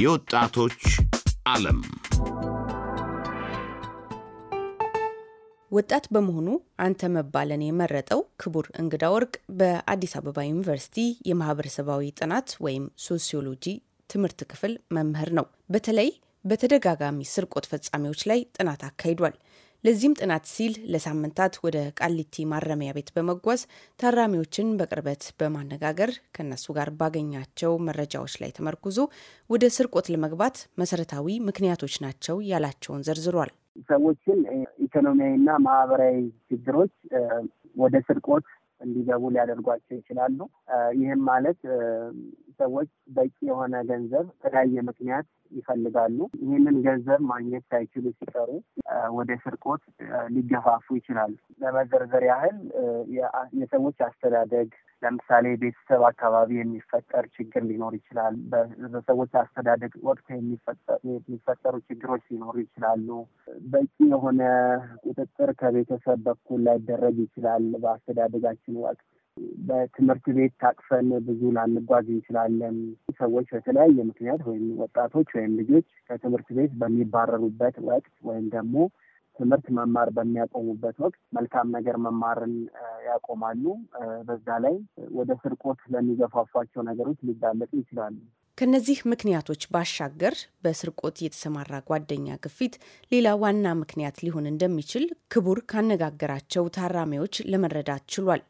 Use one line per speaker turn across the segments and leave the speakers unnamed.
የወጣቶች ዓለም
ወጣት በመሆኑ አንተ መባለን የመረጠው ክቡር እንግዳ ወርቅ በአዲስ አበባ ዩኒቨርሲቲ የማህበረሰባዊ ጥናት ወይም ሶሲዮሎጂ ትምህርት ክፍል መምህር ነው። በተለይ በተደጋጋሚ ስርቆት ፈጻሚዎች ላይ ጥናት አካሂዷል። ለዚህም ጥናት ሲል ለሳምንታት ወደ ቃሊቲ ማረሚያ ቤት በመጓዝ ታራሚዎችን በቅርበት በማነጋገር ከነሱ ጋር ባገኛቸው መረጃዎች ላይ ተመርኩዞ ወደ ስርቆት ለመግባት መሰረታዊ ምክንያቶች ናቸው
ያላቸውን ዘርዝሯል። ሰዎችን ኢኮኖሚያዊና ማህበራዊ ችግሮች ወደ ስርቆት እንዲገቡ ሊያደርጓቸው ይችላሉ። ይህም ማለት ሰዎች በቂ የሆነ ገንዘብ የተለያየ ምክንያት ይፈልጋሉ። ይህንን ገንዘብ ማግኘት ሳይችሉ ሲቀሩ ወደ ስርቆት ሊገፋፉ ይችላሉ። ለመዘርዘር ያህል የሰዎች አስተዳደግ ለምሳሌ ቤተሰብ አካባቢ የሚፈጠር ችግር ሊኖር ይችላል። በሰዎች አስተዳደግ ወቅት የሚፈጠሩ ችግሮች ሊኖሩ ይችላሉ። በቂ የሆነ ቁጥጥር ከቤተሰብ በኩል ላይደረግ ይችላል በአስተዳደጋችን ወቅት በትምህርት ቤት ታቅፈን ብዙ ላንጓዝ እንችላለን። ሰዎች በተለያየ ምክንያት ወይም ወጣቶች ወይም ልጆች ከትምህርት ቤት በሚባረሩበት ወቅት ወይም ደግሞ ትምህርት መማር በሚያቆሙበት ወቅት መልካም ነገር መማርን ያቆማሉ። በዛ ላይ ወደ ስርቆት ለሚገፋፏቸው ነገሮች ሊጋለጡ ይችላሉ።
ከነዚህ ምክንያቶች ባሻገር በስርቆት የተሰማራ ጓደኛ ግፊት ሌላ ዋና ምክንያት ሊሆን እንደሚችል ክቡር ካነጋገራቸው ታራሚዎች ለመረዳት ችሏል።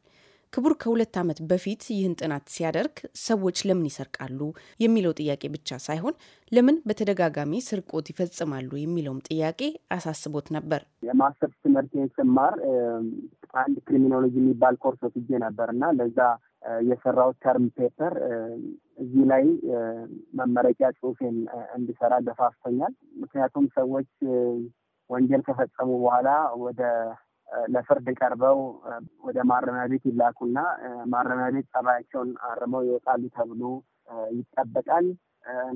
ክቡር ከሁለት ዓመት በፊት ይህን ጥናት ሲያደርግ ሰዎች ለምን ይሰርቃሉ የሚለው ጥያቄ ብቻ ሳይሆን ለምን በተደጋጋሚ ስርቆት ይፈጽማሉ
የሚለውም ጥያቄ አሳስቦት ነበር። የማስተርስ ትምህርቴን ስማር አንድ ክሪሚኖሎጂ የሚባል ኮርስ ወስጄ ነበር እና ለዛ የሰራው ተርም ፔፐር እዚህ ላይ መመረቂያ ጽሁፌን እንድሰራ ገፋፍቶኛል። ምክንያቱም ሰዎች ወንጀል ከፈጸሙ በኋላ ወደ ለፍርድ ቀርበው ወደ ማረሚያ ቤት ይላኩና ማረሚያ ቤት ጸባያቸውን አርመው ይወጣሉ ተብሎ ይጠበቃል።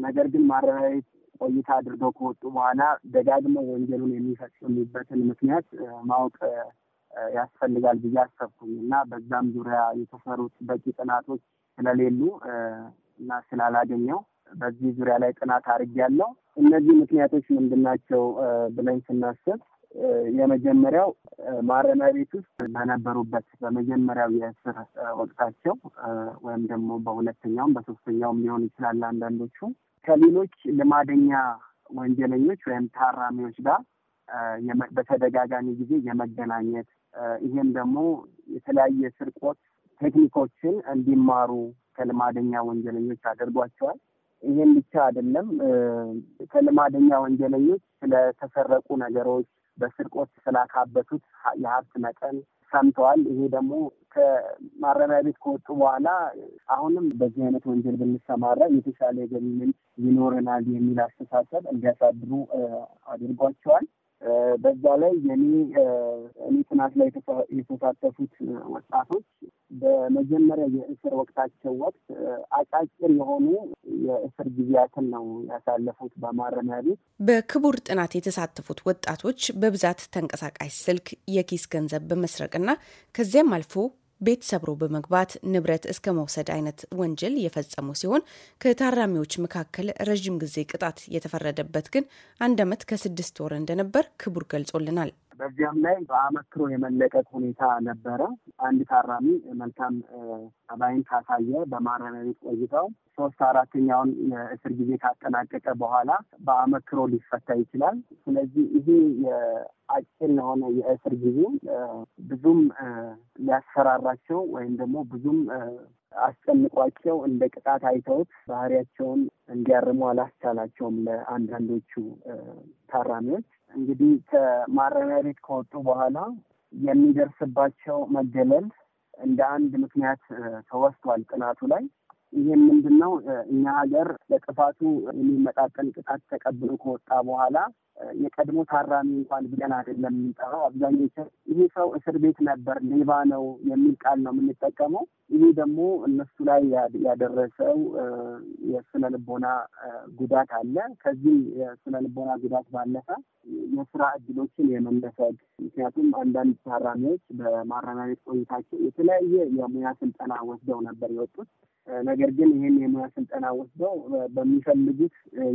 ነገር ግን ማረሚያ ቤት ቆይታ አድርገው ከወጡ በኋላ ደጋግመው ወንጀሉን የሚፈጽሙበትን ምክንያት ማወቅ ያስፈልጋል ብዬ አሰብኩኝ እና በዛም ዙሪያ የተሰሩት በቂ ጥናቶች ስለሌሉ እና ስላላገኘው በዚህ ዙሪያ ላይ ጥናት አድርጌያለሁ። እነዚህ ምክንያቶች ምንድን ናቸው ብለን ስናስብ የመጀመሪያው ማረሚያ ቤት ውስጥ በነበሩበት በመጀመሪያው የእስር ወቅታቸው ወይም ደግሞ በሁለተኛውም በሶስተኛውም ሊሆን ይችላል። አንዳንዶቹ ከሌሎች ልማደኛ ወንጀለኞች ወይም ታራሚዎች ጋር በተደጋጋሚ ጊዜ የመገናኘት ይህም ደግሞ የተለያየ ስርቆት ቴክኒኮችን እንዲማሩ ከልማደኛ ወንጀለኞች አድርጓቸዋል። ይህም ብቻ አይደለም። ከልማደኛ ወንጀለኞች ስለተሰረቁ ነገሮች በስርቆት ስላካበቱት የሀብት መጠን ሰምተዋል። ይሄ ደግሞ ከማረሚያ ቤት ከወጡ በኋላ አሁንም በዚህ አይነት ወንጀል ብንሰማራ የተሻለ የገቢ ምንጭ ይኖረናል የሚል አስተሳሰብ እንዲያሳድሩ አድርጓቸዋል። በዛ ላይ የኔ እኔ ጥናት ላይ የተሳተፉት ወጣቶች በመጀመሪያ የእስር ወቅታቸው ወቅት አጫጭር የሆኑ የእስር ጊዜያትን ነው ያሳለፉት በማረሚያ ቤት። በክቡር ጥናት
የተሳተፉት ወጣቶች በብዛት ተንቀሳቃሽ ስልክ፣ የኪስ ገንዘብ በመስረቅና ከዚያም አልፎ ቤት ሰብሮ በመግባት ንብረት እስከ መውሰድ አይነት ወንጀል የፈጸሙ ሲሆን ከታራሚዎች መካከል ረዥም ጊዜ ቅጣት የተፈረደበት ግን አንድ ዓመት ከስድስት ወር እንደነበር ክቡር ገልጾልናል።
በዚያም ላይ በአመክሮ የመለቀቅ ሁኔታ ነበረ። አንድ ታራሚ መልካም ጠባይን ካሳየ በማረሚያ ቤት ቆይተው ሶስት አራተኛውን የእስር ጊዜ ካጠናቀቀ በኋላ በአመክሮ ሊፈታ ይችላል። ስለዚህ ይሄ አጭር የሆነ የእስር ጊዜ ብዙም ሊያስፈራራቸው ወይም ደግሞ ብዙም አስጨንቋቸው እንደ ቅጣት አይተውት ባህሪያቸውን እንዲያርሙ አላስቻላቸውም። ለአንዳንዶቹ ታራሚዎች እንግዲህ ከማረሚያ ቤት ከወጡ በኋላ የሚደርስባቸው መገለል እንደ አንድ ምክንያት ተወስቷል ጥናቱ ላይ። ይህም ምንድን ነው እኛ ሀገር ለጥፋቱ የሚመጣጠን ቅጣት ተቀብሎ ከወጣ በኋላ የቀድሞ ታራሚ እንኳን ብለን አይደለም የምንጠራው። አብዛኛው ይሄ ሰው እስር ቤት ነበር፣ ሌባ ነው የሚል ቃል ነው የምንጠቀመው። ይሄ ደግሞ እነሱ ላይ ያደረሰው የስነ ልቦና ጉዳት አለ። ከዚህ የስነ ልቦና ጉዳት ባለፈ የስራ እድሎችን የመነፈግ ምክንያቱም አንዳንድ ታራሚዎች በማረሚያ ቤት ቆይታቸው የተለያየ የሙያ ስልጠና ወስደው ነበር የወጡት ነገር ግን ይህን የሙያ ስልጠና ወስደው በሚፈልጉት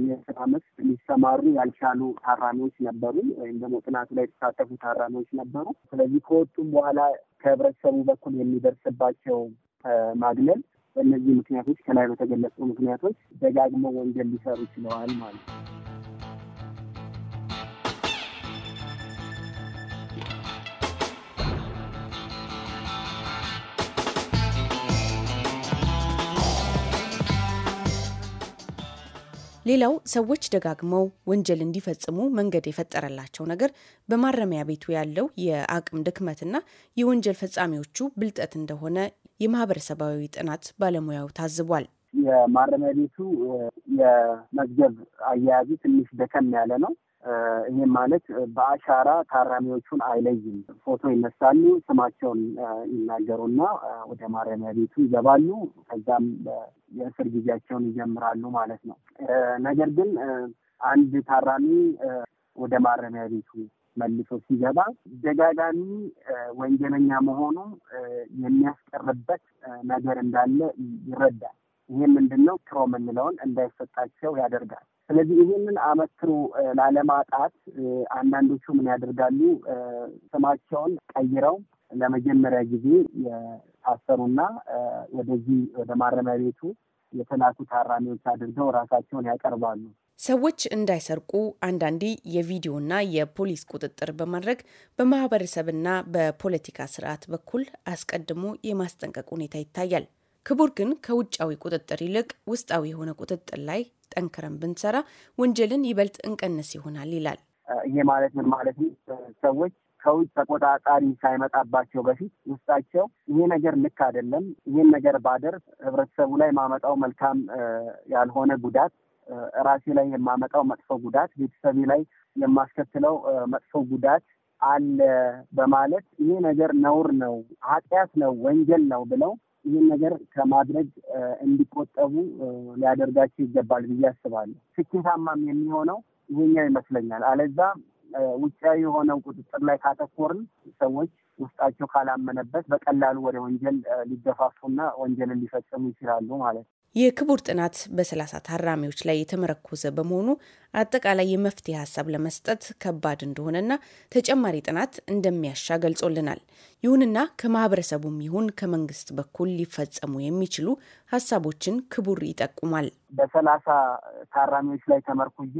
የስራ መስክ ሊሰማሩ ያልቻሉ ታራሚዎች ነበሩ፣ ወይም ደግሞ ጥናቱ ላይ የተሳተፉ ታራሚዎች ነበሩ። ስለዚህ ከወጡም በኋላ ከህብረተሰቡ በኩል የሚደርስባቸው ማግለል በእነዚህ ምክንያቶች ከላይ በተገለጹ ምክንያቶች ደጋግመው ወንጀል ሊሰሩ ችለዋል ማለት ነው።
ሌላው ሰዎች ደጋግመው ወንጀል እንዲፈጽሙ መንገድ የፈጠረላቸው ነገር በማረሚያ ቤቱ ያለው የአቅም ድክመትና የወንጀል ፈጻሚዎቹ ብልጠት እንደሆነ የማህበረሰባዊ ጥናት ባለሙያው ታዝቧል።
የማረሚያ ቤቱ የመዝገብ አያያዙ ትንሽ ደከም ያለ ነው። ይህም ማለት በአሻራ ታራሚዎቹን አይለይም። ፎቶ ይነሳሉ፣ ስማቸውን ይናገሩና ወደ ማረሚያ ቤቱ ይገባሉ። ከዛም የእስር ጊዜያቸውን ይጀምራሉ ማለት ነው። ነገር ግን አንድ ታራሚ ወደ ማረሚያ ቤቱ መልሶ ሲገባ ደጋጋሚ ወንጀለኛ መሆኑ የሚያስቀርበት ነገር እንዳለ ይረዳል። ይህ ምንድን ነው? ክሮ የምንለውን እንዳይሰጣቸው ያደርጋል። ስለዚህ ይህንን አመክሮ ላለማጣት አንዳንዶቹ ምን ያደርጋሉ? ስማቸውን ቀይረው ለመጀመሪያ ጊዜ የታሰሩና ወደዚህ ወደ ማረሚያ ቤቱ የተላኩ ታራሚዎች አድርገው ራሳቸውን ያቀርባሉ። ሰዎች እንዳይሰርቁ አንዳንዴ
የቪዲዮና የፖሊስ ቁጥጥር በማድረግ በማህበረሰብና በፖለቲካ ስርዓት በኩል አስቀድሞ የማስጠንቀቅ ሁኔታ ይታያል። ክቡር ግን ከውጫዊ ቁጥጥር ይልቅ ውስጣዊ የሆነ ቁጥጥር ላይ ጠንክረን ብንሰራ ወንጀልን ይበልጥ እንቀንስ ይሆናል ይላል።
ይሄ ማለት ምን ማለት ነው? ሰዎች ከውጭ ተቆጣጣሪ ሳይመጣባቸው በፊት ውስጣቸው ይሄ ነገር ልክ አይደለም፣ ይሄን ነገር ባደርግ ህብረተሰቡ ላይ ማመጣው መልካም ያልሆነ ጉዳት፣ ራሴ ላይ የማመጣው መጥፎ ጉዳት፣ ቤተሰቤ ላይ የማስከትለው መጥፎ ጉዳት አለ በማለት ይሄ ነገር ነውር ነው፣ ኃጢአት ነው፣ ወንጀል ነው ብለው ይህን ነገር ከማድረግ እንዲቆጠቡ ሊያደርጋቸው ይገባል ብዬ አስባለሁ። ስኬታማም የሚሆነው ይሄኛው ይመስለኛል። አለዛ ውጫዊ የሆነው ቁጥጥር ላይ ካተኮርን ሰዎች ውስጣቸው ካላመነበት በቀላሉ ወደ ወንጀል ሊገፋፉና ወንጀልን ሊፈጽሙ ይችላሉ ማለት ነው።
የክቡር ጥናት በሰላሳ ታራሚዎች ላይ የተመረኮዘ በመሆኑ አጠቃላይ የመፍትሄ ሀሳብ ለመስጠት ከባድ እንደሆነና ተጨማሪ ጥናት እንደሚያሻ ገልጾልናል። ይሁንና ከማህበረሰቡም ይሁን ከመንግስት በኩል ሊፈጸሙ የሚችሉ ሀሳቦችን ክቡር ይጠቁማል።
በሰላሳ ታራሚዎች ላይ ተመርኩዬ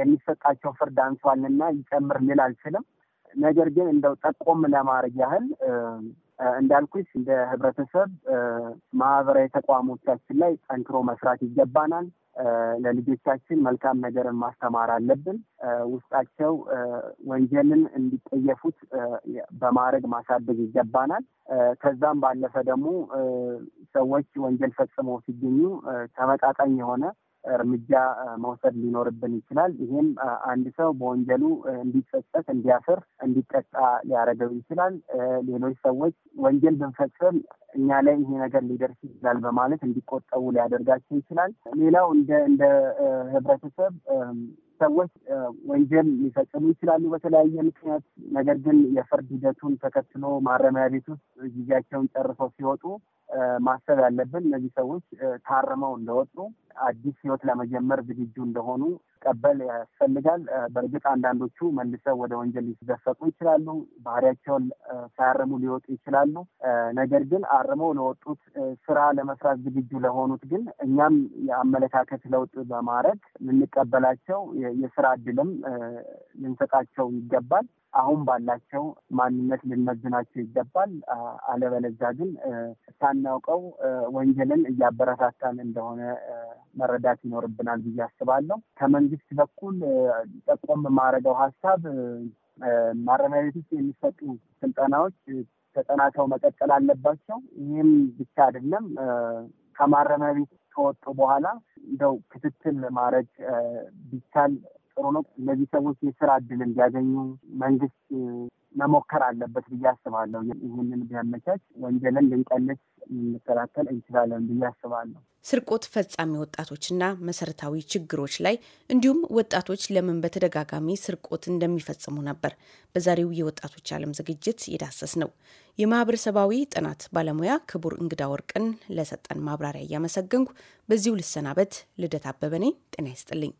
የሚሰጣቸው ፍርድ አንሷልና ይጨምር ልል አልችልም። ነገር ግን እንደው ጠቆም ለማድረግ ያህል እንዳልኩሽ እንደ ህብረተሰብ ማህበራዊ ተቋሞቻችን ላይ ጠንክሮ መስራት ይገባናል። ለልጆቻችን መልካም ነገርን ማስተማር አለብን። ውስጣቸው ወንጀልን እንዲጠየፉት በማድረግ ማሳደግ ይገባናል። ከዛም ባለፈ ደግሞ ሰዎች ወንጀል ፈጽመው ሲገኙ ተመጣጣኝ የሆነ እርምጃ መውሰድ ሊኖርብን ይችላል። ይህም አንድ ሰው በወንጀሉ እንዲጸጸት፣ እንዲያፍር፣ እንዲቀጣ ሊያደርገው ይችላል። ሌሎች ሰዎች ወንጀል ብንፈጽም እኛ ላይ ይሄ ነገር ሊደርስ ይችላል በማለት እንዲቆጠቡ ሊያደርጋቸው ይችላል። ሌላው እንደ እንደ ህብረተሰብ ሰዎች ወንጀል ሊፈጽሙ ይችላሉ በተለያየ ምክንያት። ነገር ግን የፍርድ ሂደቱን ተከትሎ ማረሚያ ቤት ውስጥ ጊዜያቸውን ጨርሰው ሲወጡ ማሰብ ያለብን እነዚህ ሰዎች ታርመው እንደወጡ አዲስ ህይወት ለመጀመር ዝግጁ እንደሆኑ ቀበል ያስፈልጋል። በእርግጥ አንዳንዶቹ መልሰው ወደ ወንጀል ሊደፈቁ ይችላሉ። ባህሪያቸውን ሳያርሙ ሊወጡ ይችላሉ። ነገር ግን አርመው ለወጡት፣ ስራ ለመስራት ዝግጁ ለሆኑት ግን እኛም የአመለካከት ለውጥ በማድረግ ልንቀበላቸው የስራ እድልም ልንሰጣቸው ይገባል። አሁን ባላቸው ማንነት ልንመዝናቸው ይገባል። አለበለዚያ ግን ሳናውቀው ወንጀልን እያበረታታን እንደሆነ መረዳት ይኖርብናል ብዬ አስባለሁ። ከመንግስት በኩል ጠቆም ማድረገው ሀሳብ ማረሚያ ቤት ውስጥ የሚሰጡ ስልጠናዎች ተጠናተው መቀጠል አለባቸው። ይህም ብቻ አይደለም ከማረሚያ ቤት ከወጡ በኋላ እንደው ክትትል ማድረግ ቢቻል ጥሩ ነው። እነዚህ ሰዎች የስራ እድል እንዲያገኙ መንግስት መሞከር አለበት ብዬ አስባለሁ። ይህንን ቢያመቻች ወንጀልን ልንቀንስ ልንከላከል እንችላለን ብዬ አስባለሁ። ስርቆት
ፈጻሚ ወጣቶችና መሰረታዊ ችግሮች ላይ እንዲሁም ወጣቶች ለምን በተደጋጋሚ ስርቆት እንደሚፈጽሙ ነበር በዛሬው የወጣቶች ዓለም ዝግጅት የዳሰስ ነው። የማህበረሰባዊ ጥናት ባለሙያ ክቡር እንግዳ ወርቅን ለሰጠን ማብራሪያ እያመሰገንኩ በዚሁ ልሰናበት። ልደት አበበ ነኝ። ጤና ይስጥልኝ።